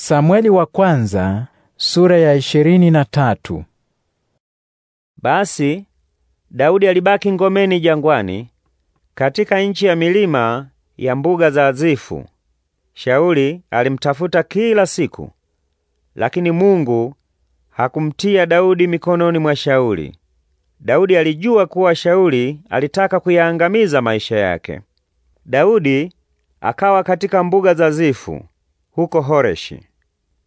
Samweli wa kwanza sura ya ishirini na tatu. Basi Daudi alibaki ngomeni jangwani katika nchi ya milima ya mbuga za Zifu. Shauli alimtafuta kila siku, lakini Mungu hakumtia Daudi mikononi mwa Shauli. Daudi alijua kuwa Shauli alitaka kuyaangamiza maisha yake. Daudi akawa katika mbuga za Zifu huko Horeshi.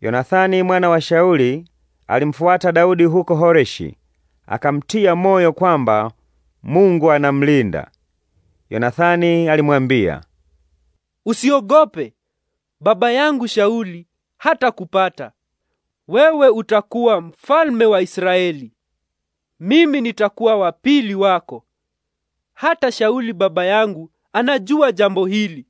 Yonathani mwana wa Shauli alimfuata Daudi huko Horeshi, akamtia moyo kwamba Mungu anamlinda. Yonathani alimwambia, usiogope baba yangu Shauli, hata kupata wewe. Utakuwa mfalme wa Israeli, mimi nitakuwa wa pili wako. Hata Shauli baba yangu anajua jambo hili.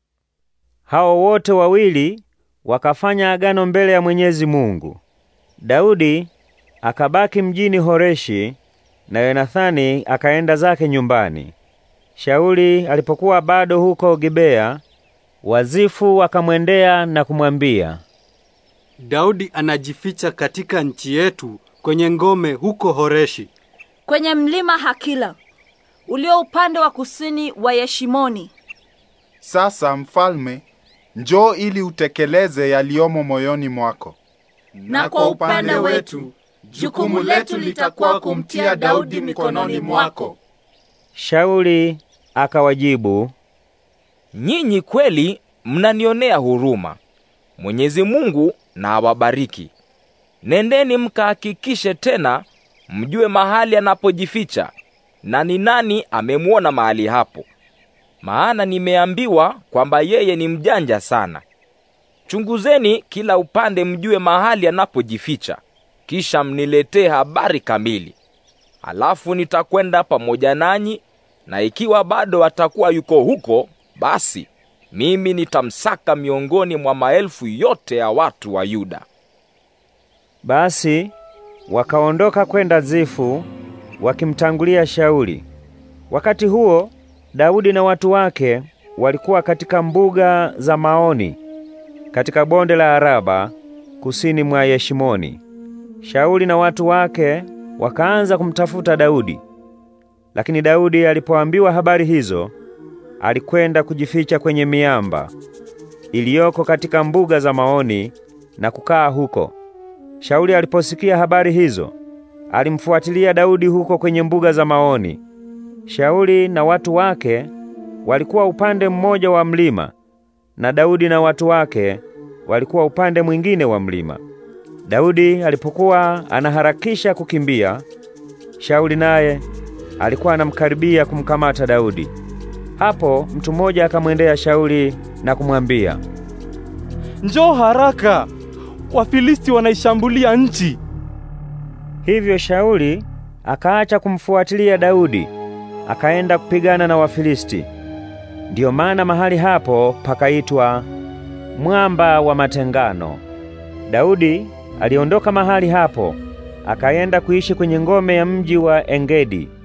Hao wote wawili wakafanya agano mbele ya Mwenyezi Mungu. Daudi akabaki mjini Horeshi na Yonathani akaenda zake nyumbani. Shauli alipokuwa bado huko Gibea, Wazifu wakamwendea na kumwambia, Daudi anajificha katika nchi yetu kwenye ngome huko Horeshi, kwenye mlima Hakila ulio upande wa kusini wa Yeshimoni. Sasa mfalme Njoo ili utekeleze yaliyomo moyoni mwako. Na kwa upande wetu, jukumu letu litakuwa kumtia Daudi mikononi mwako. Shauli akawajibu, nyinyi kweli mnanionea huruma. Mwenyezi Mungu na awabariki. Nendeni mkahakikishe tena, mjue mahali anapojificha na ni nani amemwona mahali hapo maana nimeambiwa kwamba yeye ni mjanja sana. Chunguzeni kila upande, mjue mahali anapojificha, kisha mniletee habari kamili. alafu nitakwenda pamoja nanyi, na ikiwa bado atakuwa yuko huko, basi mimi nitamsaka miongoni mwa maelfu yote ya watu wa Yuda. Basi wakaondoka kwenda Zifu wakimtangulia Shauli. Wakati huo Daudi na watu wake walikuwa katika mbuga za Maoni katika bonde la Araba kusini mwa Yeshimoni. Shauli na watu wake wakaanza kumtafuta Daudi, lakini Daudi alipoambiwa habari hizo alikwenda kujificha kwenye miamba iliyoko katika mbuga za Maoni na kukaa huko. Shauli aliposikia habari hizo alimfuatilia Daudi huko kwenye mbuga za Maoni. Shauli na watu wake walikuwa upande mmoja wa mlima na Daudi na watu wake walikuwa upande mwingine wa mlima. Daudi alipokuwa anaharakisha kukimbia, Shauli naye alikuwa anamkaribia kumkamata Daudi. Hapo mtu mmoja akamwendea Shauli na kumwambia, njoo haraka, Wafilisti wanaishambulia nchi. Hivyo Shauli akaacha kumfuatilia Daudi akaenda kupigana na Wafilisti. Ndiyo maana mahali hapo pakaitwa Mwamba wa Matengano. Daudi aliondoka mahali hapo akaenda kuishi kwenye ngome ya mji wa Engedi.